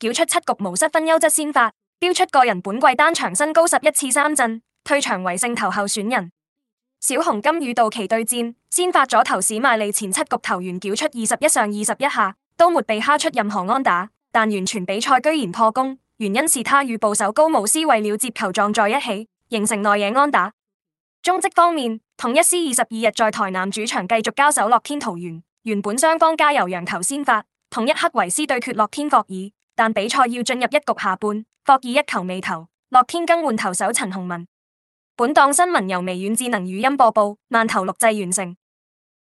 繳出七局無失分優質先發，標出個人本季單場新高十一次三振，退場為勝投候選人。小熊金與道奇對戰，先發左投史邁利前七局投完繳出二十一上二十一下，都沒被敲出任何安打，但完全比賽居然破功，原因是他與捕手高姆斯為了接球撞在一起，形成內野安打。中職方面，統一獅二十二日在台南主場繼續交手樂天桃園，原本雙方加油揚投先發，統一克維斯對決樂天霍爾。但比賽要進入一局下半，霍爾一球未投，樂天更換投手陳鴻文。本檔新聞由微軟智能語音播報，慢投錄製完成。